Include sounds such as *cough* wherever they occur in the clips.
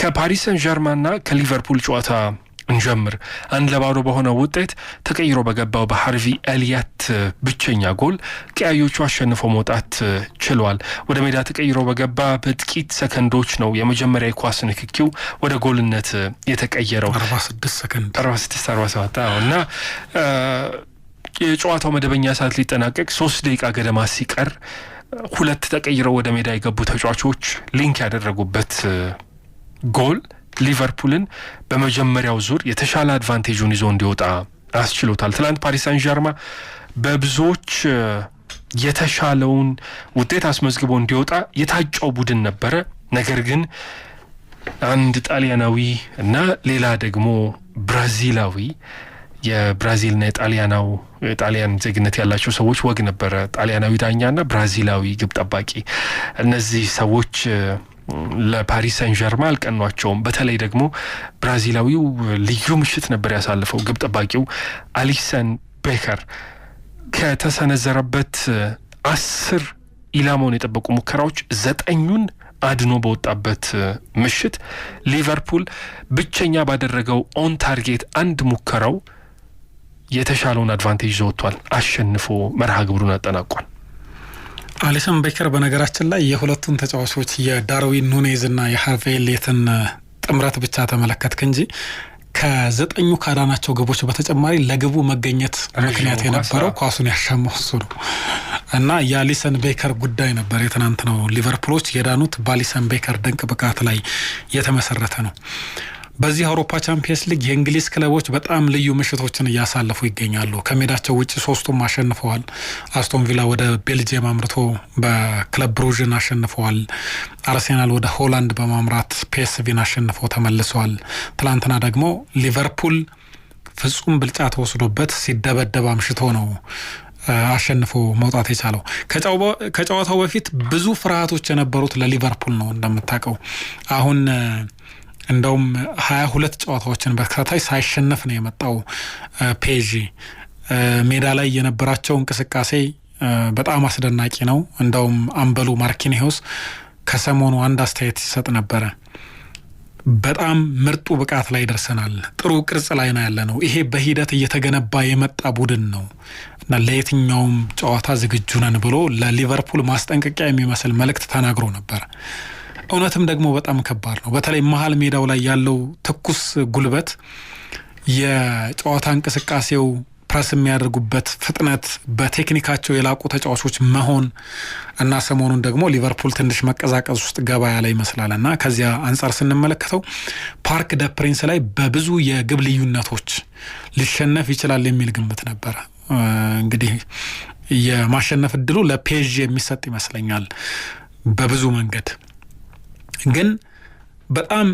ከፓሪስ ሰን ዠርማና ከሊቨርፑል ጨዋታ እንጀምር። አንድ ለባዶ በሆነ ውጤት ተቀይሮ በገባው በሃርቪ ኤሊያት ብቸኛ ጎል ቀያዮቹ አሸንፎ መውጣት ችሏል። ወደ ሜዳ ተቀይሮ በገባ በጥቂት ሰከንዶች ነው የመጀመሪያ የኳስ ንክኪው ወደ ጎልነት የተቀየረው 46 እና የጨዋታው መደበኛ ሰዓት ሊጠናቀቅ ሶስት ደቂቃ ገደማ ሲቀር ሁለት ተቀይረው ወደ ሜዳ የገቡ ተጫዋቾች ሊንክ ያደረጉበት ጎል ሊቨርፑልን በመጀመሪያው ዙር የተሻለ አድቫንቴጁን ይዞ እንዲወጣ አስችሎታል። ትላንት ፓሪስ ሳን ዣርማ በብዙዎች የተሻለውን ውጤት አስመዝግቦ እንዲወጣ የታጨው ቡድን ነበረ። ነገር ግን አንድ ጣሊያናዊ እና ሌላ ደግሞ ብራዚላዊ የብራዚልና የጣሊያናው የጣሊያን ዜግነት ያላቸው ሰዎች ወግ ነበረ። ጣሊያናዊ ዳኛና ብራዚላዊ ግብ ጠባቂ እነዚህ ሰዎች ለፓሪስ ሳን ዠርማ አልቀኗቸውም። በተለይ ደግሞ ብራዚላዊው ልዩ ምሽት ነበር ያሳልፈው ግብ ጠባቂው አሊሰን ቤከር ከተሰነዘረበት አስር ኢላማውን የጠበቁ ሙከራዎች ዘጠኙን አድኖ በወጣበት ምሽት ሊቨርፑል ብቸኛ ባደረገው ኦን ታርጌት አንድ ሙከራው የተሻለውን አድቫንቴጅ ዘወጥቷል። አሸንፎ መርሃ ግብሩን አጠናቋል። አሊሰን ቤከር በነገራችን ላይ የሁለቱን ተጫዋቾች የዳርዊን ኑኔዝ እና የሃርቬ ሌትን ጥምረት ብቻ ተመለከትክ እንጂ ከዘጠኙ ካዳናቸው ግቦች በተጨማሪ ለግቡ መገኘት ምክንያት የነበረው ኳሱን ያሻማው እሱ ነው እና የአሊሰን ቤከር ጉዳይ ነበር የትናንት ነው። ሊቨርፑሎች የዳኑት በአሊሰን ቤከር ድንቅ ብቃት ላይ የተመሰረተ ነው። በዚህ አውሮፓ ቻምፒየንስ ሊግ የእንግሊዝ ክለቦች በጣም ልዩ ምሽቶችን እያሳለፉ ይገኛሉ። ከሜዳቸው ውጭ ሶስቱም አሸንፈዋል። አስቶን ቪላ ወደ ቤልጅየም አምርቶ በክለብ ብሩዥን አሸንፈዋል። አርሴናል ወደ ሆላንድ በማምራት ፒኤስቪን አሸንፎ ተመልሰዋል። ትላንትና ደግሞ ሊቨርፑል ፍጹም ብልጫ ተወስዶበት ሲደበደብ አምሽቶ ነው አሸንፎ መውጣት የቻለው። ከጨዋታው በፊት ብዙ ፍርሃቶች የነበሩት ለሊቨርፑል ነው እንደምታውቀው አሁን እንደውም ሀያ ሁለት ጨዋታዎችን በተከታታይ ሳይሸነፍ ነው የመጣው። ፔዥ ሜዳ ላይ የነበራቸው እንቅስቃሴ በጣም አስደናቂ ነው። እንደውም አምበሉ ማርኪኒዮስ ከሰሞኑ አንድ አስተያየት ሲሰጥ ነበረ። በጣም ምርጡ ብቃት ላይ ደርሰናል፣ ጥሩ ቅርጽ ላይ ነው ያለ ነው። ይሄ በሂደት እየተገነባ የመጣ ቡድን ነው እና ለየትኛውም ጨዋታ ዝግጁ ነን ብሎ ለሊቨርፑል ማስጠንቀቂያ የሚመስል መልእክት ተናግሮ ነበር። እውነትም ደግሞ በጣም ከባድ ነው። በተለይ መሀል ሜዳው ላይ ያለው ትኩስ ጉልበት፣ የጨዋታ እንቅስቃሴው፣ ፕረስ የሚያደርጉበት ፍጥነት፣ በቴክኒካቸው የላቁ ተጫዋቾች መሆን እና ሰሞኑን ደግሞ ሊቨርፑል ትንሽ መቀዛቀዝ ውስጥ ገባ ያለ ይመስላል እና ከዚያ አንጻር ስንመለከተው ፓርክ ደ ፕሪንስ ላይ በብዙ የግብ ልዩነቶች ሊሸነፍ ይችላል የሚል ግምት ነበረ እንግዲህ የማሸነፍ እድሉ ለፔዥ የሚሰጥ ይመስለኛል በብዙ መንገድ ግን በጣም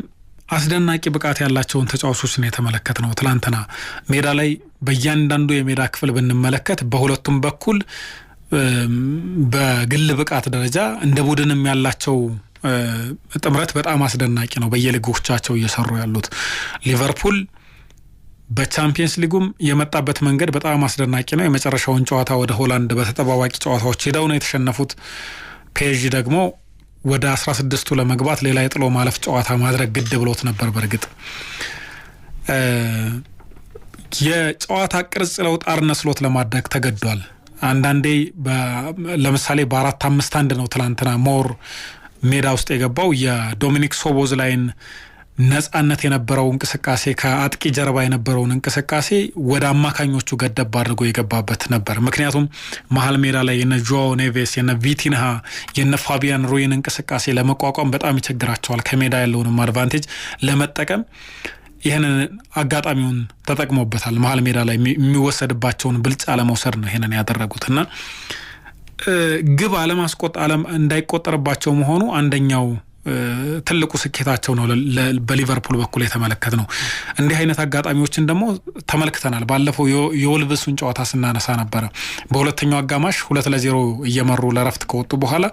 አስደናቂ ብቃት ያላቸውን ተጫዋቾች ነው ነው። ትላንትና ሜዳ ላይ በእያንዳንዱ የሜዳ ክፍል ብንመለከት በሁለቱም በኩል በግል ብቃት ደረጃ እንደ ቡድንም ያላቸው ጥምረት በጣም አስደናቂ ነው። በየሊጎቻቸው እየሰሩ ያሉት ሊቨርፑል በቻምፒየንስ ሊጉም የመጣበት መንገድ በጣም አስደናቂ ነው። የመጨረሻውን ጨዋታ ወደ ሆላንድ በተጠባባቂ ጨዋታዎች ሄደው ነው የተሸነፉት። ፔዥ ደግሞ ወደ 16ቱ ለመግባት ሌላ የጥሎ ማለፍ ጨዋታ ማድረግ ግድ ብሎት ነበር። በእርግጥ የጨዋታ ቅርጽ ለውጥ አርነ ስሎት ለማድረግ ተገዷል። አንዳንዴ ለምሳሌ በአራት አምስት አንድ ነው ትላንትና ሞር ሜዳ ውስጥ የገባው የዶሚኒክ ሶቦዝ ላይን ነጻነት የነበረው እንቅስቃሴ ከአጥቂ ጀርባ የነበረውን እንቅስቃሴ ወደ አማካኞቹ ገደብ አድርጎ የገባበት ነበር። ምክንያቱም መሀል ሜዳ ላይ የነ ጆዋ ኔቬስ፣ የነ ቪቲንሃ፣ የነ ፋቢያን ሩይን እንቅስቃሴ ለመቋቋም በጣም ይቸግራቸዋል። ከሜዳ ያለውንም አድቫንቴጅ ለመጠቀም ይህንን አጋጣሚውን ተጠቅሞበታል። መሀል ሜዳ ላይ የሚወሰድባቸውን ብልጫ ለመውሰድ ነው ይህንን ያደረጉት እና ግብ አለማስቆጥ እንዳይቆጠርባቸው መሆኑ አንደኛው ትልቁ ስኬታቸው ነው በሊቨርፑል በኩል የተመለከት ነው። እንዲህ አይነት አጋጣሚዎችን ደግሞ ተመልክተናል። ባለፈው የወልብሱን ጨዋታ ስናነሳ ነበረ። በሁለተኛው አጋማሽ ሁለት ለዜሮ እየመሩ ለረፍት ከወጡ በኋላ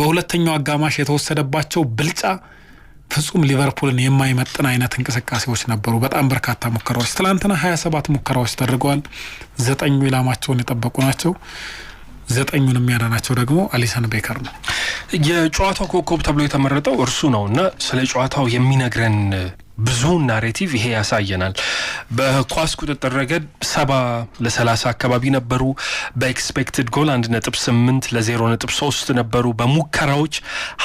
በሁለተኛው አጋማሽ የተወሰደባቸው ብልጫ ፍጹም ሊቨርፑልን የማይመጥን አይነት እንቅስቃሴዎች ነበሩ። በጣም በርካታ ሙከራዎች ትላንትና ሀያ ሰባት ሙከራዎች ተደርገዋል። ዘጠኙ ኢላማቸውን የጠበቁ ናቸው። ዘጠኙን የሚያዳናቸው ደግሞ አሊሰን ቤከር ነው። የጨዋታው ኮከብ ተብሎ የተመረጠው እርሱ ነው እና ስለ ጨዋታው የሚነግረን ብዙ ናሬቲቭ ይሄ ያሳየናል። በኳስ ቁጥጥር ረገድ ሰባ ለሰላሳ አካባቢ ነበሩ። በኤክስፔክትድ ጎል አንድ ነጥብ ስምንት ለዜሮ ነጥብ ሶስት ነበሩ። በሙከራዎች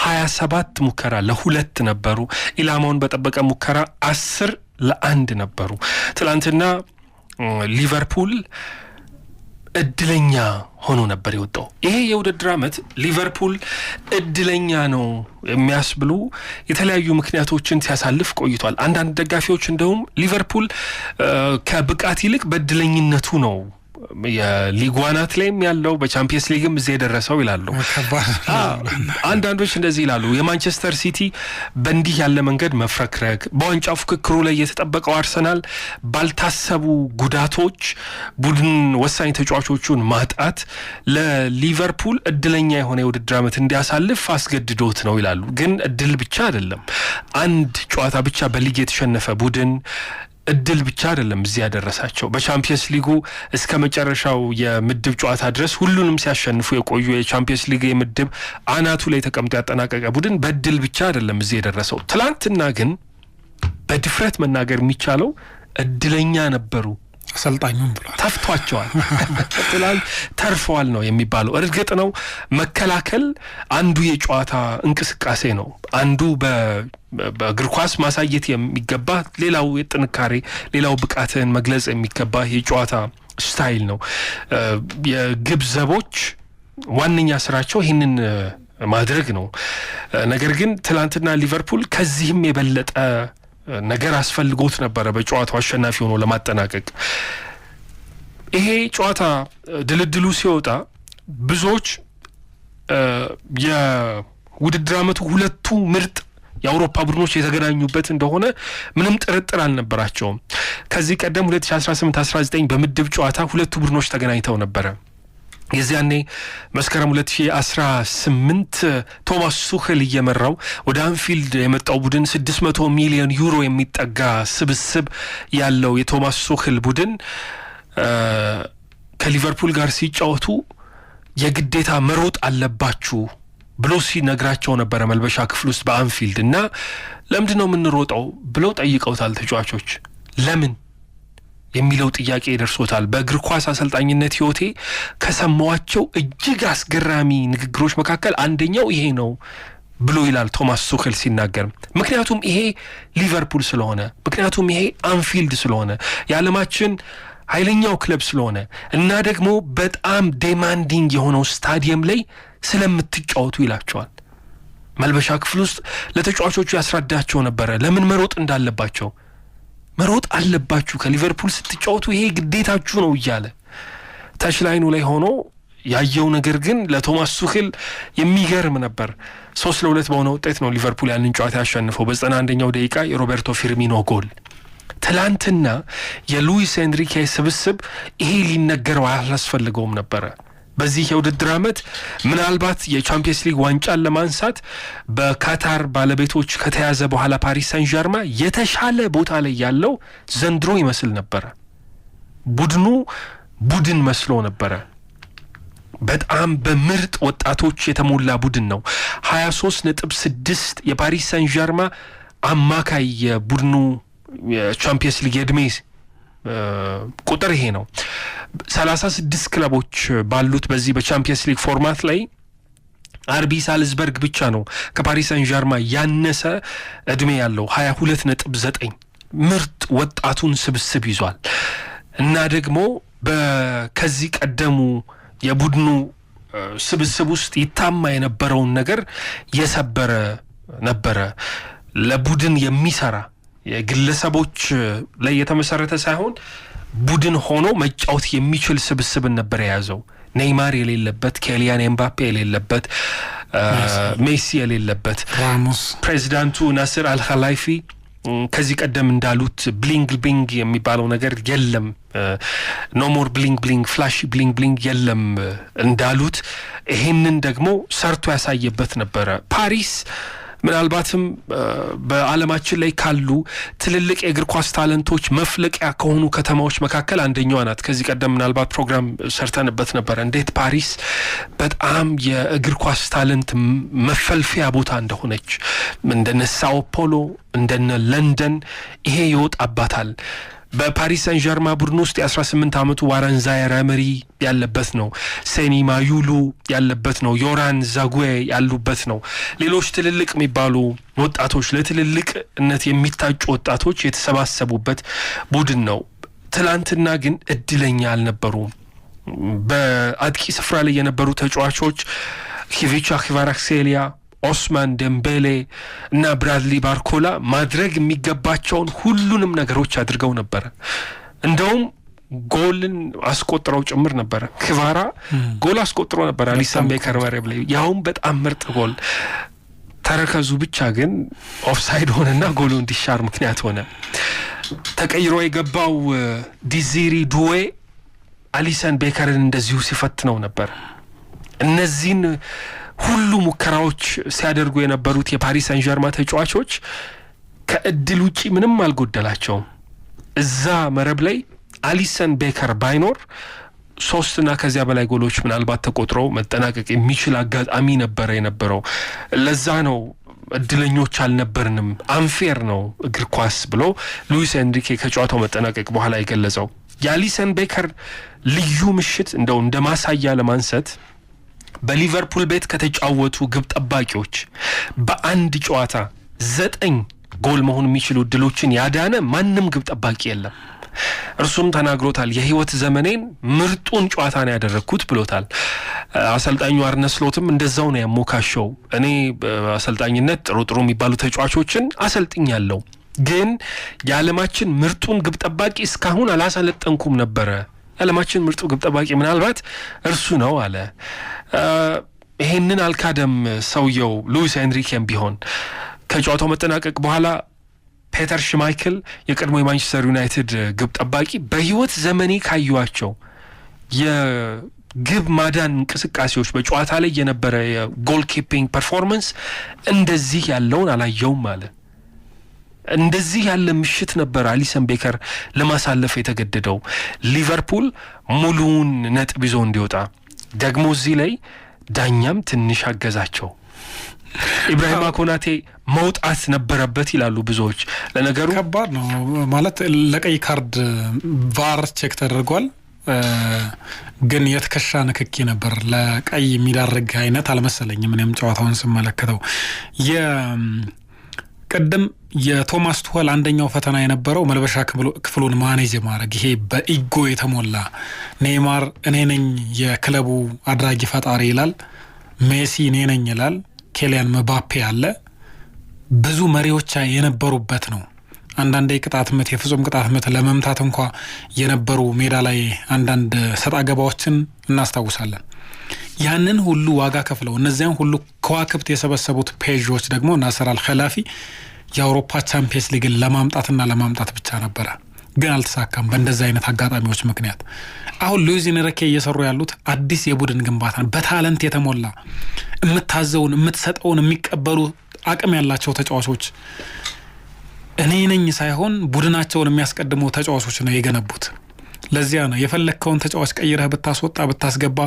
ሀያ ሰባት ሙከራ ለሁለት ነበሩ። ኢላማውን በጠበቀ ሙከራ አስር ለአንድ ነበሩ። ትላንትና ሊቨርፑል እድለኛ ሆኖ ነበር የወጣው። ይሄ የውድድር ዓመት ሊቨርፑል እድለኛ ነው የሚያስብሉ የተለያዩ ምክንያቶችን ሲያሳልፍ ቆይቷል። አንዳንድ ደጋፊዎች እንደውም ሊቨርፑል ከብቃት ይልቅ በእድለኝነቱ ነው የሊጓናት ላይም ያለው በቻምፒየንስ ሊግም እዚህ የደረሰው ይላሉ። አንዳንዶች እንደዚህ ይላሉ። የማንቸስተር ሲቲ በእንዲህ ያለ መንገድ መፍረክረግ፣ በዋንጫ ፉክክሩ ላይ የተጠበቀው አርሰናል ባልታሰቡ ጉዳቶች ቡድን ወሳኝ ተጫዋቾቹን ማጣት ለሊቨርፑል እድለኛ የሆነ የውድድር ዓመት እንዲያሳልፍ አስገድዶት ነው ይላሉ። ግን እድል ብቻ አይደለም። አንድ ጨዋታ ብቻ በሊግ የተሸነፈ ቡድን እድል ብቻ አይደለም እዚህ ያደረሳቸው። በቻምፒየንስ ሊጉ እስከ መጨረሻው የምድብ ጨዋታ ድረስ ሁሉንም ሲያሸንፉ የቆዩ የቻምፒየንስ ሊግ የምድብ አናቱ ላይ ተቀምጦ ያጠናቀቀ ቡድን በእድል ብቻ አይደለም እዚህ የደረሰው። ትላንትና ግን በድፍረት መናገር የሚቻለው እድለኛ ነበሩ። አሰልጣኙም ብሏል ተፍቷቸዋል፣ ትላል ተርፈዋል ነው የሚባለው። እርግጥ ነው መከላከል አንዱ የጨዋታ እንቅስቃሴ ነው አንዱ በ በእግር ኳስ ማሳየት የሚገባ ሌላው ጥንካሬ፣ ሌላው ብቃትህን መግለጽ የሚገባ የጨዋታ ስታይል ነው። የግብ ዘቦች ዋነኛ ስራቸው ይህንን ማድረግ ነው። ነገር ግን ትናንትና ሊቨርፑል ከዚህም የበለጠ ነገር አስፈልጎት ነበረ በጨዋታው አሸናፊ ሆኖ ለማጠናቀቅ። ይሄ ጨዋታ ድልድሉ ሲወጣ ብዙዎች የውድድር ዓመቱ ሁለቱ ምርጥ የአውሮፓ ቡድኖች የተገናኙበት እንደሆነ ምንም ጥርጥር አልነበራቸውም። ከዚህ ቀደም 2018/19 በምድብ ጨዋታ ሁለቱ ቡድኖች ተገናኝተው ነበረ። የዚያኔ መስከረም 2018 ቶማስ ሱክል እየመራው ወደ አንፊልድ የመጣው ቡድን 600 ሚሊዮን ዩሮ የሚጠጋ ስብስብ ያለው የቶማስ ሱክል ቡድን ከሊቨርፑል ጋር ሲጫወቱ የግዴታ መሮጥ አለባችሁ ብሎ ሲነግራቸው ነበረ መልበሻ ክፍል ውስጥ በአንፊልድ እና ለምንድን ነው የምንሮጠው ብለው ጠይቀውታል ተጫዋቾች ለምን የሚለው ጥያቄ ደርሶታል። በእግር ኳስ አሰልጣኝነት ህይወቴ ከሰማዋቸው እጅግ አስገራሚ ንግግሮች መካከል አንደኛው ይሄ ነው ብሎ ይላል ቶማስ ሱክል ሲናገር። ምክንያቱም ይሄ ሊቨርፑል ስለሆነ፣ ምክንያቱም ይሄ አንፊልድ ስለሆነ፣ የዓለማችን ኃይለኛው ክለብ ስለሆነ እና ደግሞ በጣም ዴማንዲንግ የሆነው ስታዲየም ላይ ስለምትጫወቱ ይላቸዋል። መልበሻ ክፍል ውስጥ ለተጫዋቾቹ ያስረዳቸው ነበረ ለምን መሮጥ እንዳለባቸው። መሮጥ አለባችሁ ከሊቨርፑል ስትጫወቱ ይሄ ግዴታችሁ ነው እያለ ተሽላይኑ ላይ ሆኖ ያየው ነገር ግን ለቶማስ ሱክል የሚገርም ነበር። ሶስት ለሁለት በሆነ ውጤት ነው ሊቨርፑል ያንን ጨዋታ ያሸንፈው በዘጠና አንደኛው ደቂቃ የሮቤርቶ ፊርሚኖ ጎል። ትላንትና የሉዊስ ኤንሪኬ ስብስብ ይሄ ሊነገረው አላስፈልገውም ነበረ። በዚህ የውድድር ዓመት ምናልባት የቻምፒየንስ ሊግ ዋንጫን ለማንሳት በካታር ባለቤቶች ከተያዘ በኋላ ፓሪስ ሳን ዣርማ የተሻለ ቦታ ላይ ያለው ዘንድሮ ይመስል ነበረ። ቡድኑ ቡድን መስሎ ነበረ። በጣም በምርጥ ወጣቶች የተሞላ ቡድን ነው። ሀያ ሶስት ነጥብ ስድስት የፓሪስ ሳን ዣርማ አማካይ የቡድኑ የቻምፒየንስ ሊግ የዕድሜ ቁጥር ይሄ ነው። ሰላሳ ስድስት ክለቦች ባሉት በዚህ በቻምፒየንስ ሊግ ፎርማት ላይ አርቢ ሳልዝበርግ ብቻ ነው ከፓሪስ ሰን ያነሰ እድሜ ያለው ሀያ ሁለት ነጥብ ዘጠኝ ምርጥ ወጣቱን ስብስብ ይዟል እና ደግሞ ከዚህ ቀደሙ የቡድኑ ስብስብ ውስጥ ይታማ የነበረውን ነገር የሰበረ ነበረ ለቡድን የሚሰራ የግለሰቦች ላይ የተመሰረተ ሳይሆን ቡድን ሆኖ መጫወት የሚችል ስብስብን ነበር የያዘው። ኔይማር የሌለበት፣ ኬሊያን ኤምባፔ የሌለበት፣ ሜሲ የሌለበት ፕሬዚዳንቱ ናስር አልኸላይፊ ከዚህ ቀደም እንዳሉት ብሊንግ ብሊንግ የሚባለው ነገር የለም። ኖሞር ብሊንግ ብሊንግ ፍላሽ ብሊንግ ብሊንግ የለም እንዳሉት ይሄንን ደግሞ ሰርቶ ያሳየበት ነበረ ፓሪስ ምናልባትም በዓለማችን ላይ ካሉ ትልልቅ የእግር ኳስ ታለንቶች መፍለቂያ ከሆኑ ከተማዎች መካከል አንደኛዋ ናት። ከዚህ ቀደም ምናልባት ፕሮግራም ሰርተንበት ነበረ፣ እንዴት ፓሪስ በጣም የእግር ኳስ ታለንት መፈልፊያ ቦታ እንደሆነች እንደነ ሳኦ ፖሎ እንደነ ለንደን ይሄ ይወጣባታል። በፓሪስ ሰን ዠርማ ቡድን ውስጥ የ18 ዓመቱ ዋረን ዛየር መሪ ያለበት ነው። ሴኒ ማዩሉ ያለበት ነው። ዮራን ዛጉዌ ያሉበት ነው። ሌሎች ትልልቅ የሚባሉ ወጣቶች፣ ለትልልቅነት የሚታጩ ወጣቶች የተሰባሰቡበት ቡድን ነው። ትላንትና ግን እድለኛ አልነበሩም። በአጥቂ ስፍራ ላይ የነበሩ ተጫዋቾች ኪቪቻ ኪቫራክሴሊያ ኦስማን ደምቤሌ እና ብራድሊ ባርኮላ ማድረግ የሚገባቸውን ሁሉንም ነገሮች አድርገው ነበረ። እንደውም ጎልን አስቆጥረው ጭምር ነበረ። ክቫራ ጎል አስቆጥሮ ነበረ አሊሰን ቤከር መረብ ላይ ያውም በጣም ምርጥ ጎል። ተረከዙ ብቻ ግን ኦፍሳይድ ሆነና ጎሉ እንዲሻር ምክንያት ሆነ። ተቀይሮ የገባው ዲዚሪ ዱዌ አሊሰን ቤከርን እንደዚሁ ሲፈትነው ነበር። እነዚህን ሁሉ ሙከራዎች ሲያደርጉ የነበሩት የፓሪስ አንጀርማ ተጫዋቾች ከእድል ውጪ ምንም አልጎደላቸውም። እዛ መረብ ላይ አሊሰን ቤከር ባይኖር ሶስትና ከዚያ በላይ ጎሎች ምናልባት ተቆጥረው መጠናቀቅ የሚችል አጋጣሚ ነበረ የነበረው። ለዛ ነው እድለኞች አልነበርንም፣ አንፌር ነው እግር ኳስ ብሎ ሉዊስ ኤንሪኬ ከጨዋታው መጠናቀቅ በኋላ የገለጸው። የአሊሰን ቤከር ልዩ ምሽት እንደው እንደ ማሳያ ለማንሳት በሊቨርፑል ቤት ከተጫወቱ ግብ ጠባቂዎች በአንድ ጨዋታ ዘጠኝ ጎል መሆን የሚችሉ እድሎችን ያዳነ ማንም ግብ ጠባቂ የለም። እርሱም ተናግሮታል። የህይወት ዘመኔን ምርጡን ጨዋታ ነው ያደረግኩት ብሎታል። አሰልጣኙ አርነስሎትም እንደዛው ነው ያሞካሸው። እኔ አሰልጣኝነት ጥሩ ጥሩ የሚባሉ ተጫዋቾችን አሰልጥኛለሁ፣ ግን የዓለማችን ምርጡን ግብ ጠባቂ እስካሁን አላሰለጠንኩም ነበረ የዓለማችን ምርጡ ግብ ጠባቂ ምናልባት እርሱ ነው አለ። ይሄንን አልካደም ሰውየው ሉዊስ ኤንሪኬም ቢሆን ከጨዋታው መጠናቀቅ በኋላ ፔተር ሽማይክል የቀድሞ የማንቸስተር ዩናይትድ ግብ ጠባቂ በህይወት ዘመኔ ካዩዋቸው የግብ ማዳን እንቅስቃሴዎች በጨዋታ ላይ የነበረ የጎል ኪፒንግ ፐርፎርመንስ እንደዚህ ያለውን አላየውም አለ። እንደዚህ ያለ ምሽት ነበር አሊሰን ቤከር ለማሳለፍ የተገደደው ሊቨርፑል ሙሉውን ነጥብ ይዞ እንዲወጣ። ደግሞ እዚህ ላይ ዳኛም ትንሽ አገዛቸው። ኢብራሂማ ኮናቴ መውጣት ነበረበት ይላሉ ብዙዎች። ለነገሩ ከባድ ነው ማለት ለቀይ ካርድ ቫር ቼክ ተደርጓል። ግን የትከሻ ንክኪ ነበር። ለቀይ የሚዳርግ አይነት አልመሰለኝም። እኔም ጨዋታውን ስመለከተው የቅድም የቶማስ ቱኸል አንደኛው ፈተና የነበረው መልበሻ ክፍሉን ማኔጅ ማድረግ ይሄ በኢጎ የተሞላ ኔይማር እኔ ነኝ የክለቡ አድራጊ ፈጣሪ ይላል። ሜሲ እኔ ነኝ ይላል። ኬሊያን መባፔ አለ። ብዙ መሪዎች የነበሩበት ነው። አንዳንዴ ቅጣት ምት፣ የፍጹም ቅጣት ምት ለመምታት እንኳ የነበሩ ሜዳ ላይ አንዳንድ ሰጣ ገባዎችን እናስታውሳለን። ያንን ሁሉ ዋጋ ከፍለው እነዚያን ሁሉ ከዋክብት የሰበሰቡት ፔዦች ደግሞ ናስር አልኸላፊ የአውሮፓ ቻምፒየንስ ሊግን ለማምጣትና ለማምጣት ብቻ ነበረ። ግን አልተሳካም፣ በእንደዚ አይነት አጋጣሚዎች ምክንያት። አሁን ሉዊዝ ኤንሪኬ እየሰሩ ያሉት አዲስ የቡድን ግንባታ ነው። በታለንት የተሞላ የምታዘውን የምትሰጠውን የሚቀበሉ አቅም ያላቸው ተጫዋቾች እኔ ነኝ ሳይሆን ቡድናቸውን የሚያስቀድሙ ተጫዋቾች ነው የገነቡት። ለዚያ ነው የፈለግከውን ተጫዋች ቀይረህ ብታስወጣ ብታስገባ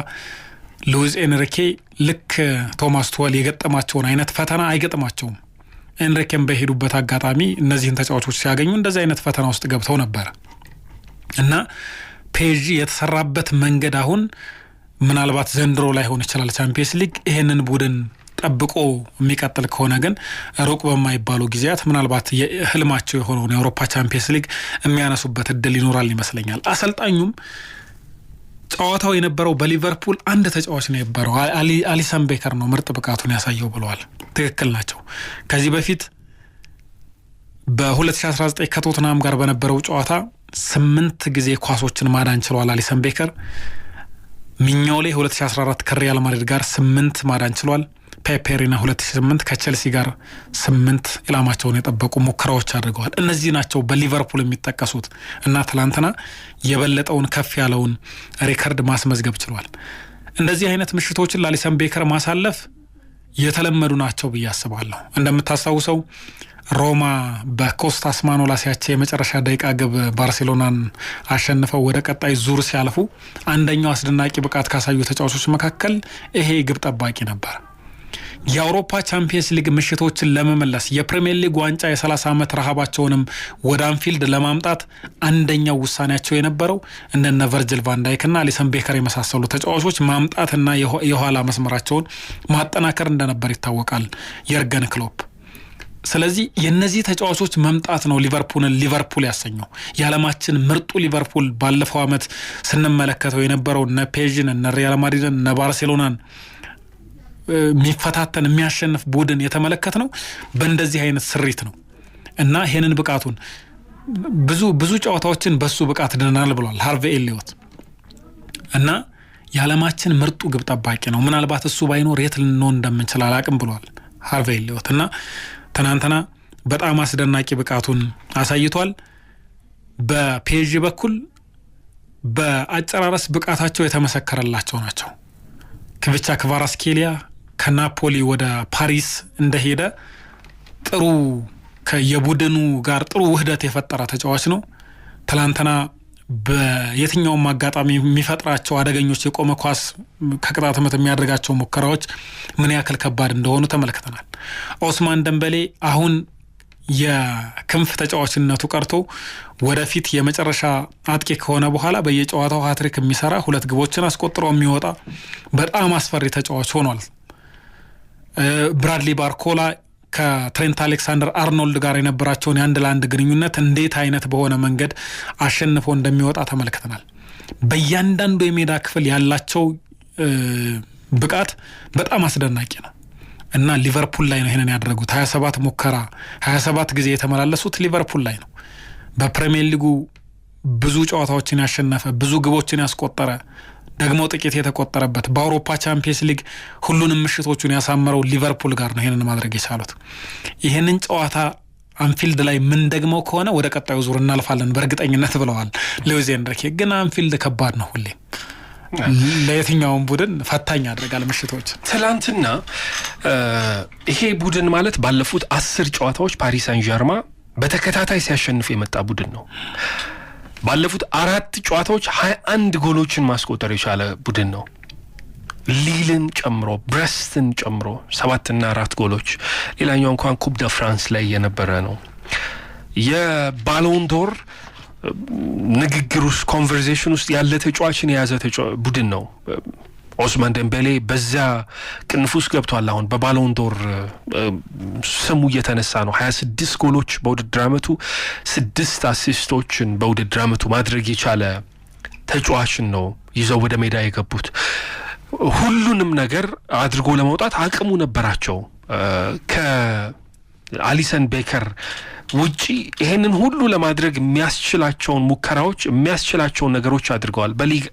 ሉዊዝ ኤንሪኬ ልክ ቶማስ ቱወል የገጠማቸውን አይነት ፈተና አይገጥማቸውም። ኤንሪኬም በሄዱበት አጋጣሚ እነዚህን ተጫዋቾች ሲያገኙ እንደዚህ አይነት ፈተና ውስጥ ገብተው ነበረ እና ፔዥ የተሰራበት መንገድ አሁን ምናልባት ዘንድሮ ላይሆን ይችላል ቻምፒየንስ ሊግ ይህንን ቡድን ጠብቆ የሚቀጥል ከሆነ ግን ሩቅ በማይባሉ ጊዜያት ምናልባት ህልማቸው የሆነውን የአውሮፓ ቻምፒየንስ ሊግ የሚያነሱበት እድል ይኖራል ይመስለኛል። አሰልጣኙም ጨዋታው የነበረው በሊቨርፑል አንድ ተጫዋች ነው የነበረው አሊሰን ቤከር ነው ምርጥ ብቃቱን ያሳየው ብለዋል። ትክክል ናቸው። ከዚህ በፊት በ2019 ከቶትናም ጋር በነበረው ጨዋታ ስምንት ጊዜ ኳሶችን ማዳን ችሏል። አሊሰን ቤከር ሚኛው ላይ 2014 ከሪያል ማድሪድ ጋር ስምንት ማዳን ችሏል። ፔፔሪና 2008 ከቼልሲ ጋር ስምንት ኢላማቸውን የጠበቁ ሙከራዎች አድርገዋል። እነዚህ ናቸው በሊቨርፑል የሚጠቀሱት እና ትላንትና የበለጠውን ከፍ ያለውን ሪከርድ ማስመዝገብ ችሏል። እንደዚህ አይነት ምሽቶችን ለአሊሰን ቤከር ማሳለፍ የተለመዱ ናቸው ብዬ አስባለሁ። እንደምታስታውሰው ሮማ በኮስታስ ማኖላሲያቼ የመጨረሻ ደቂቃ ግብ ባርሴሎናን አሸንፈው ወደ ቀጣይ ዙር ሲያልፉ አንደኛው አስደናቂ ብቃት ካሳዩ ተጫዋቾች መካከል ይሄ ግብ ጠባቂ ነበር። የአውሮፓ ቻምፒየንስ ሊግ ምሽቶችን ለመመለስ የፕሪምየር ሊግ ዋንጫ የ30 ዓመት ረሃባቸውንም ወደ አንፊልድ ለማምጣት አንደኛው ውሳኔያቸው የነበረው እንደነ ቨርጅል ቫንዳይክና አሊሰን ቤከር የመሳሰሉ ተጫዋቾች ማምጣትና የኋላ መስመራቸውን ማጠናከር እንደነበር ይታወቃል የርገን ክሎፕ። ስለዚህ የእነዚህ ተጫዋቾች መምጣት ነው ሊቨርፑልን ሊቨርፑል ያሰኘው። የዓለማችን ምርጡ ሊቨርፑል ባለፈው ዓመት ስንመለከተው የነበረው እነ ፔዥን፣ እነ ሪያል ማድሪድን፣ እነ ባርሴሎናን የሚፈታተን የሚያሸንፍ ቡድን የተመለከት ነው በእንደዚህ አይነት ስሪት ነው እና ይሄንን ብቃቱን ብዙ ብዙ ጨዋታዎችን በሱ ብቃት ድነናል ብሏል ሃርቬ ኤሊዮት እና የዓለማችን ምርጡ ግብ ጠባቂ ነው። ምናልባት እሱ ባይኖር የት ልንሆን እንደምንችል አላቅም ብሏል ሃርቬ ኤሊዮት እና ትናንትና በጣም አስደናቂ ብቃቱን አሳይቷል። በፔዥ በኩል በአጨራረስ ብቃታቸው የተመሰከረላቸው ናቸው ክብቻ ክቫራስኬሊያ ከናፖሊ ወደ ፓሪስ እንደሄደ ጥሩ የቡድኑ ጋር ጥሩ ውህደት የፈጠረ ተጫዋች ነው። ትላንትና በየትኛውም አጋጣሚ የሚፈጥራቸው አደገኞች የቆመ ኳስ ከቅጣት ምት የሚያደርጋቸው ሙከራዎች ምን ያክል ከባድ እንደሆኑ ተመልክተናል። ኦስማን ደንበሌ አሁን የክንፍ ተጫዋችነቱ ቀርቶ ወደፊት የመጨረሻ አጥቂ ከሆነ በኋላ በየጨዋታው ሀትሪክ የሚሰራ ሁለት ግቦችን አስቆጥሮ የሚወጣ በጣም አስፈሪ ተጫዋች ሆኗል። ብራድሊ ባርኮላ ከትሬንት አሌክሳንደር አርኖልድ ጋር የነበራቸውን የአንድ ለአንድ ግንኙነት እንዴት አይነት በሆነ መንገድ አሸንፎ እንደሚወጣ ተመልክተናል። በእያንዳንዱ የሜዳ ክፍል ያላቸው ብቃት በጣም አስደናቂ ነው እና ሊቨርፑል ላይ ነው ይህንን ያደረጉት። 27 ሙከራ 27 ጊዜ የተመላለሱት ሊቨርፑል ላይ ነው። በፕሪሚየር ሊጉ ብዙ ጨዋታዎችን ያሸነፈ ብዙ ግቦችን ያስቆጠረ ደግሞ ጥቂት የተቆጠረበት በአውሮፓ ቻምፒየንስ ሊግ ሁሉንም ምሽቶቹን ያሳመረው ሊቨርፑል ጋር ነው ይህንን ማድረግ የቻሉት። ይህንን ጨዋታ አንፊልድ ላይ ምን ደግሞ ከሆነ ወደ ቀጣዩ ዙር እናልፋለን በእርግጠኝነት ብለዋል ሉዊስ ኤንሪኬ። ግን አንፊልድ ከባድ ነው ሁሌም ለየትኛውም ቡድን ፈታኝ ያደርጋል ምሽቶች። ትላንትና ይሄ ቡድን ማለት ባለፉት አስር ጨዋታዎች ፓሪስ ሳን ዠርማ በተከታታይ ሲያሸንፍ የመጣ ቡድን ነው። ባለፉት አራት ጨዋታዎች ሀያ አንድ ጎሎችን ማስቆጠር የቻለ ቡድን ነው። ሊልን ጨምሮ ብረስትን ጨምሮ ሰባትና አራት ጎሎች። ሌላኛው እንኳን ኩብ ደ ፍራንስ ላይ የነበረ ነው። የባሎንዶር ንግግር ውስጥ ኮንቨርሴሽን ውስጥ ያለ ተጫዋችን የያዘ ቡድን ነው። ኦስማን ደንበሌ በዚያ ቅንፍ ውስጥ ገብቷል። አሁን ዶር ስሙ እየተነሳ ነው። ሀያ ስድስት ጎሎች በውድድር አመቱ ስድስት አሲስቶችን በውድድር አመቱ ማድረግ የቻለ ተጫዋችን ነው ይዘው ወደ ሜዳ የገቡት። ሁሉንም ነገር አድርጎ ለመውጣት አቅሙ ነበራቸው። ከአሊሰን ቤከር ውጪ ይሄንን ሁሉ ለማድረግ የሚያስችላቸውን ሙከራዎች የሚያስችላቸውን ነገሮች አድርገዋል። በሊግ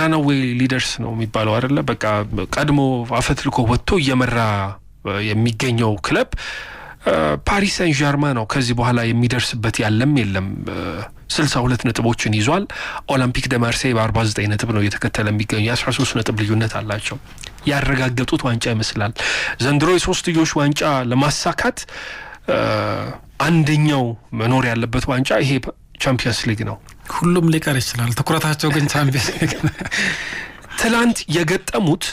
ራናዌይ ሊደርስ ነው የሚባለው አይደለ? በቃ ቀድሞ አፈትልኮ ወጥቶ እየመራ የሚገኘው ክለብ ፓሪስ ሰን ዣርማ ነው። ከዚህ በኋላ የሚደርስበት ያለም የለም። ስልሳ ሁለት ነጥቦችን ይዟል። ኦሎምፒክ ደ ማርሴይ በአርባ ዘጠኝ ነጥብ ነው እየተከተለ የሚገኙ የአስራ ሶስት ነጥብ ልዩነት አላቸው። ያረጋገጡት ዋንጫ ይመስላል ዘንድሮ የሶስትዮሽ ዋንጫ ለማሳካት አንደኛው መኖር ያለበት ዋንጫ ይሄ ቻምፒየንስ ሊግ ነው። ሁሉም ሊቀር ይችላል። ትኩረታቸው ግን ቻምፒየንስ ሊግ። ትላንት የገጠሙት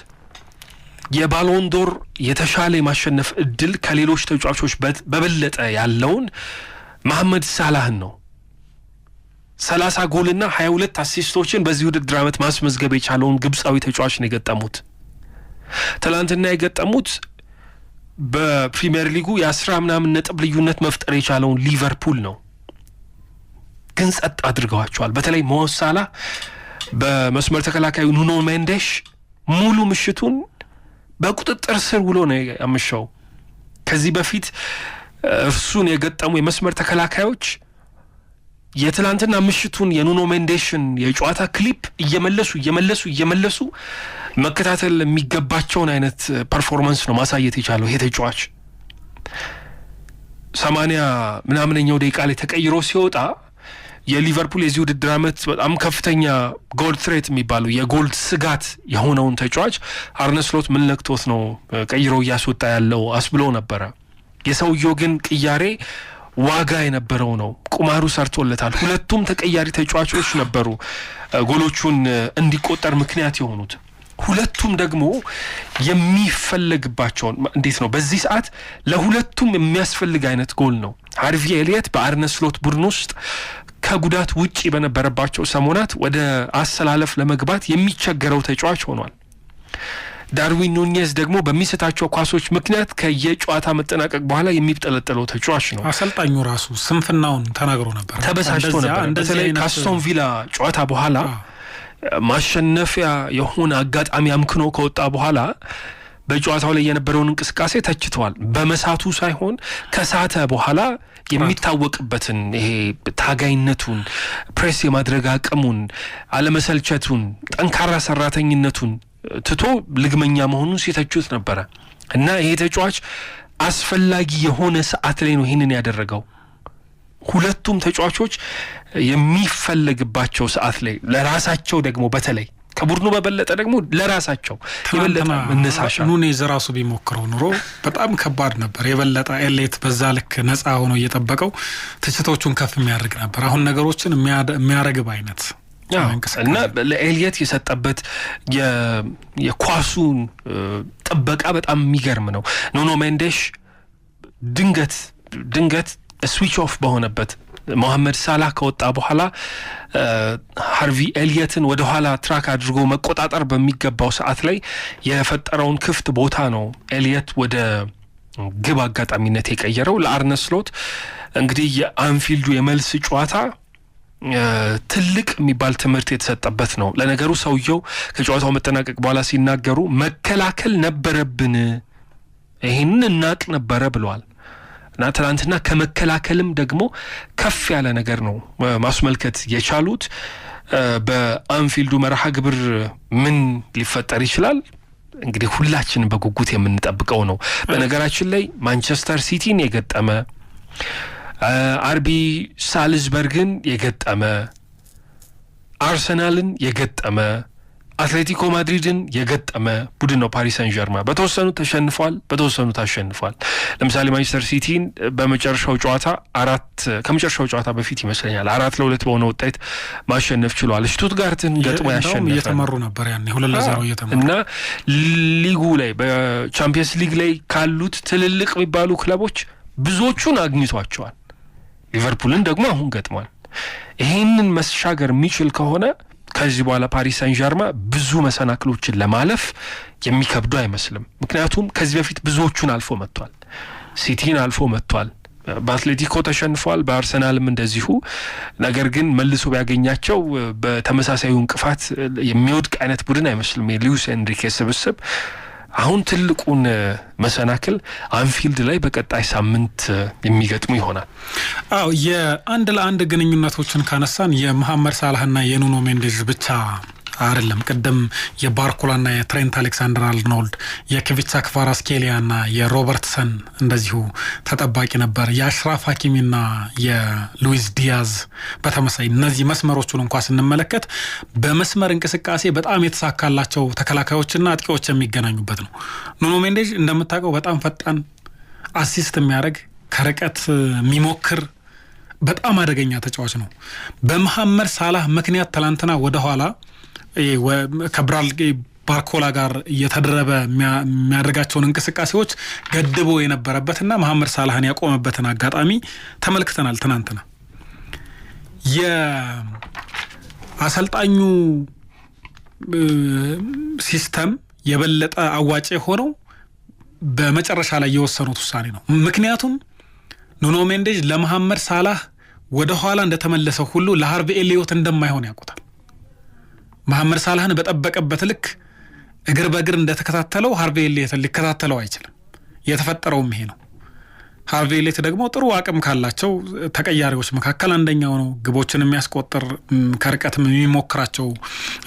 የባሎንዶር የተሻለ የማሸነፍ እድል ከሌሎች ተጫዋቾች በበለጠ ያለውን መሐመድ ሳላህን ነው። ሰላሳ ጎልና ሀያ ሁለት አሲስቶችን በዚህ ውድድር ዓመት ማስመዝገብ የቻለውን ግብፃዊ ተጫዋች ነው የገጠሙት። ትላንትና የገጠሙት በፕሪምየር ሊጉ የአስራ ምናምን ነጥብ ልዩነት መፍጠር የቻለውን ሊቨርፑል ነው። ግን ጸጥ አድርገዋቸዋል። በተለይ መወሳላ በመስመር ተከላካዩ ኑኖ ሜንዴሽ ሙሉ ምሽቱን በቁጥጥር ስር ውሎ ነው ያመሻው። ከዚህ በፊት እርሱን የገጠሙ የመስመር ተከላካዮች የትላንትና ምሽቱን የኑኖ ሜንዴሽን የጨዋታ ክሊፕ እየመለሱ እየመለሱ እየመለሱ መከታተል የሚገባቸውን አይነት ፐርፎርማንስ ነው ማሳየት የቻለው ይሄ ተጫዋች። ሰማንያ ምናምነኛው ደቂቃ ላይ ተቀይሮ ሲወጣ የሊቨርፑል የዚህ ውድድር ዓመት በጣም ከፍተኛ ጎልድ ትሬት የሚባለው የጎል ስጋት የሆነውን ተጫዋች አርነስሎት ምን ለክቶት ነው ቀይሮ እያስወጣ ያለው አስብሎ ነበረ። የሰውየው ግን ቅያሬ ዋጋ የነበረው ነው። ቁማሩ ሰርቶለታል። ሁለቱም ተቀያሪ ተጫዋቾች ነበሩ ጎሎቹን እንዲቆጠር ምክንያት የሆኑት። ሁለቱም ደግሞ የሚፈለግባቸውን እንዴት ነው በዚህ ሰዓት ለሁለቱም የሚያስፈልግ አይነት ጎል ነው። ሃርቪ ኤሊየት በአርነስሎት ቡድን ውስጥ ከጉዳት ውጪ በነበረባቸው ሰሞናት ወደ አሰላለፍ ለመግባት የሚቸገረው ተጫዋች ሆኗል። ዳርዊን ኑኔዝ ደግሞ በሚሰጣቸው ኳሶች ምክንያት ከየጨዋታ መጠናቀቅ በኋላ የሚጠለጠለው ተጫዋች ነው። አሰልጣኙ ራሱ ስንፍናውን ተናግሮ ነበር፣ ተበሳጭቶ ነበር። በተለይ ከአስቶን ቪላ ጨዋታ በኋላ ማሸነፊያ የሆነ አጋጣሚ አምክኖ ከወጣ በኋላ በጨዋታው ላይ የነበረውን እንቅስቃሴ ተችተዋል። በመሳቱ ሳይሆን ከሳተ በኋላ የሚታወቅበትን ይሄ ታጋይነቱን፣ ፕሬስ የማድረግ አቅሙን፣ አለመሰልቸቱን፣ ጠንካራ ሰራተኝነቱን ትቶ ልግመኛ መሆኑን ሲተቹት ነበረ እና ይሄ ተጫዋች አስፈላጊ የሆነ ሰዓት ላይ ነው ይህንን ያደረገው። ሁለቱም ተጫዋቾች የሚፈለግባቸው ሰዓት ላይ ለራሳቸው ደግሞ በተለይ ከቡድኑ በበለጠ ደግሞ ለራሳቸው የበለጠ መነሳሻ ኑኔዝ ራሱ ቢሞክረው ኑሮ በጣም ከባድ ነበር። የበለጠ ኤሌት በዛ ልክ ነጻ ሆኖ እየጠበቀው ትችቶቹን ከፍ የሚያደርግ ነበር። አሁን ነገሮችን የሚያረግብ አይነት እና ለኤልየት የሰጠበት የኳሱን ጥበቃ በጣም የሚገርም ነው። ኑኖ ሜንዴሽ ድንገት ድንገት ስዊች ኦፍ በሆነበት ሞሐመድ ሳላህ ከወጣ በኋላ ሀርቪ ኤልየትን ወደ ኋላ ትራክ አድርጎ መቆጣጠር በሚገባው ሰዓት ላይ የፈጠረውን ክፍት ቦታ ነው ኤልየት ወደ ግብ አጋጣሚነት የቀየረው። ለአርነ ስሎት እንግዲህ የአንፊልዱ የመልስ ጨዋታ ትልቅ የሚባል ትምህርት የተሰጠበት ነው። ለነገሩ ሰውየው ከጨዋታው መጠናቀቅ በኋላ ሲናገሩ መከላከል ነበረብን፣ ይህንን እናቅ ነበረ ብለዋል። እና ትናንትና ከመከላከልም ደግሞ ከፍ ያለ ነገር ነው ማስመልከት የቻሉት። በአንፊልዱ መርሃ ግብር ምን ሊፈጠር ይችላል? እንግዲህ ሁላችን በጉጉት የምንጠብቀው ነው። በነገራችን ላይ ማንቸስተር ሲቲን የገጠመ አርቢ ሳልዝበርግን የገጠመ አርሰናልን የገጠመ አትሌቲኮ ማድሪድን የገጠመ ቡድን ነው ፓሪስ ሳን ዠርማ። በተወሰኑ ተሸንፏል፣ በተወሰኑ ታሸንፏል። ለምሳሌ ማንቸስተር ሲቲን በመጨረሻው ጨዋታ አራት ከመጨረሻው ጨዋታ በፊት ይመስለኛል አራት ለሁለት በሆነ ውጤት ማሸነፍ ችሏል። ሽቱትጋርትን ገጥሞ ያሸነፈ እየተመሩ ነበር ያኔ ሁለት ለዜሮ እየተመሩ እና ሊጉ ላይ በቻምፒየንስ ሊግ ላይ ካሉት ትልልቅ የሚባሉ ክለቦች ብዙዎቹን አግኝቷቸዋል። ሊቨርፑልን ደግሞ አሁን ገጥሟል። ይህንን መሻገር የሚችል ከሆነ ከዚህ በኋላ ፓሪስ ሳን ዣርማ ብዙ መሰናክሎችን ለማለፍ የሚከብዱ አይመስልም። ምክንያቱም ከዚህ በፊት ብዙዎቹን አልፎ መጥቷል። ሲቲን አልፎ መጥቷል። በአትሌቲኮ ተሸንፏል። በአርሰናልም እንደዚሁ። ነገር ግን መልሶ ቢያገኛቸው በተመሳሳዩ እንቅፋት የሚወድቅ አይነት ቡድን አይመስልም የሉዊስ ኤንሪኬ ስብስብ አሁን ትልቁን መሰናክል አንፊልድ ላይ በቀጣይ ሳምንት የሚገጥሙ ይሆናል። አዎ የአንድ ለአንድ ግንኙነቶችን ካነሳን የመሐመድ ሳላህና የኑኖ ሜንዴዝ ብቻ አይደለም። ቅድም የባርኮላና የትሬንት አሌክሳንደር አልኖልድ የክቪቻ ክቫራትስኬሊያና የሮበርትሰን እንደዚሁ ተጠባቂ ነበር። የአሽራፍ ሀኪሚና የሉዊስ ዲያዝ በተመሳይ እነዚህ መስመሮቹን እንኳ ስንመለከት በመስመር እንቅስቃሴ በጣም የተሳካላቸው ተከላካዮችና አጥቂዎች የሚገናኙበት ነው። ኑኖ ሜንዴዥ እንደምታውቀው በጣም ፈጣን አሲስት የሚያደርግ ከርቀት የሚሞክር በጣም አደገኛ ተጫዋች ነው። በመሐመድ ሳላህ ምክንያት ትላንትና ወደኋላ ከብራል ባርኮላ ጋር እየተደረበ የሚያደርጋቸውን እንቅስቃሴዎች ገድቦ የነበረበትና መሐመድ ሳላህን ያቆመበትን አጋጣሚ ተመልክተናል። ትናንትና የአሰልጣኙ ሲስተም የበለጠ አዋጭ የሆነው በመጨረሻ ላይ የወሰኑት ውሳኔ ነው። ምክንያቱም ኑኖ ሜንዴዥ ለመሐመድ ሳላህ ወደኋላ እንደተመለሰው ሁሉ ለሃርቪ ኤሊዮት እንደማይሆን ያውቁታል። መሐመድ ሳላህን በጠበቀበት ልክ እግር በእግር እንደተከታተለው ሃርቬ ኤሊየትን ሊከታተለው አይችልም። የተፈጠረውም ይሄ ነው። ሀርቬ ኤሊየት ደግሞ ጥሩ አቅም ካላቸው ተቀያሪዎች መካከል አንደኛው ነው። ግቦችን የሚያስቆጥር ከርቀትም የሚሞክራቸው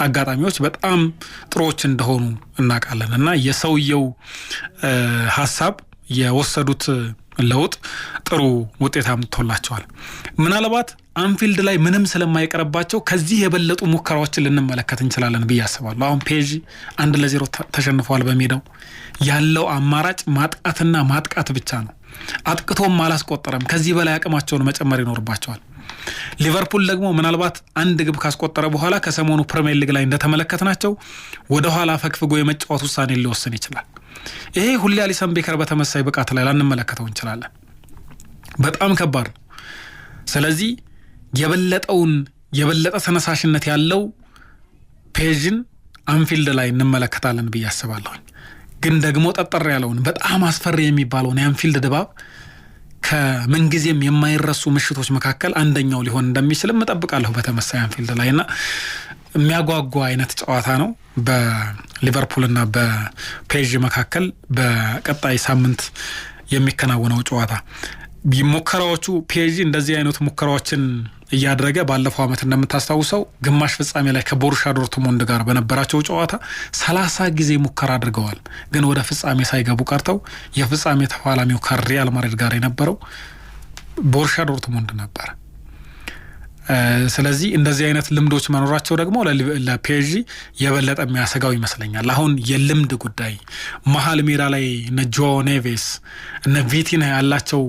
አጋጣሚዎች በጣም ጥሩዎች እንደሆኑ እናውቃለን። እና የሰውየው ሀሳብ የወሰዱት ለውጥ ጥሩ ውጤት አምጥቶላቸዋል ምናልባት አንፊልድ ላይ ምንም ስለማይቀርባቸው ከዚህ የበለጡ ሙከራዎችን ልንመለከት እንችላለን ብዬ አስባለሁ። አሁን ፔዥ አንድ ለዜሮ ተሸንፏል። በሜዳው ያለው አማራጭ ማጥቃትና ማጥቃት ብቻ ነው። አጥቅቶም አላስቆጠረም። ከዚህ በላይ አቅማቸውን መጨመር ይኖርባቸዋል። ሊቨርፑል ደግሞ ምናልባት አንድ ግብ ካስቆጠረ በኋላ ከሰሞኑ ፕሪምየር ሊግ ላይ እንደተመለከት ናቸው ወደኋላ ፈግፍጎ የመጫወት ውሳኔ ሊወስን ይችላል። ይሄ ሁሌ አሊሰን ቤከር በተመሳይ ብቃት ላይ ላንመለከተው እንችላለን። በጣም ከባድ ነው። ስለዚህ የበለጠውን የበለጠ ተነሳሽነት ያለው ፔዥን አንፊልድ ላይ እንመለከታለን ብዬ አስባለሁኝ። ግን ደግሞ ጠጠር ያለውን በጣም አስፈሪ የሚባለውን የአንፊልድ ድባብ ከምንጊዜም የማይረሱ ምሽቶች መካከል አንደኛው ሊሆን እንደሚችልም እጠብቃለሁ በተመሳይ አንፊልድ ላይ እና የሚያጓጓ አይነት ጨዋታ ነው በሊቨርፑልና በፔዥ መካከል በቀጣይ ሳምንት የሚከናወነው ጨዋታ ሙከራዎቹ ፔዥ እንደዚህ አይነት ሙከራዎችን እያደረገ ባለፈው ዓመት እንደምታስታውሰው ግማሽ ፍጻሜ ላይ ከቦሩሻ ዶርትሞንድ ጋር በነበራቸው ጨዋታ ሰላሳ ጊዜ ሙከራ አድርገዋል፣ ግን ወደ ፍጻሜ ሳይገቡ ቀርተው የፍጻሜ ተፋላሚው ከሪያል ማድሪድ ጋር የነበረው ቦሩሻ ዶርትሞንድ ነበር። ስለዚህ እንደዚህ አይነት ልምዶች መኖራቸው ደግሞ ለፒኤስጂ የበለጠ የሚያሰጋው ይመስለኛል። አሁን የልምድ ጉዳይ መሀል ሜዳ ላይ እነ ጆ ኔቬስ እነ ቪቲና ያላቸው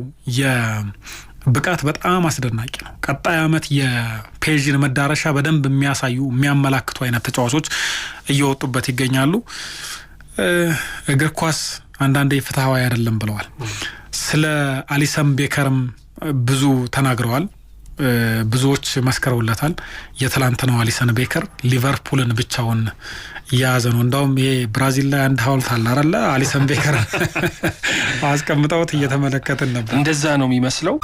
ብቃት በጣም አስደናቂ ነው። ቀጣይ ዓመት የፔዥን መዳረሻ በደንብ የሚያሳዩ የሚያመላክቱ አይነት ተጫዋቾች እየወጡበት ይገኛሉ። እግር ኳስ አንዳንዴ ፍትሐዊ አይደለም ብለዋል። ስለ አሊሰን ቤከርም ብዙ ተናግረዋል። ብዙዎች መስከረውለታል። ነው አሊሰን ቤከር ሊቨርፑልን ብቻውን እያያዘ ነው። እንዳውም ይሄ ብራዚል ላይ አንድ ሀውልት አለ አሊሰን ቤከር *laughs* አስቀምጠውት እየተመለከትን ነበር። እንደዛ ነው የሚመስለው።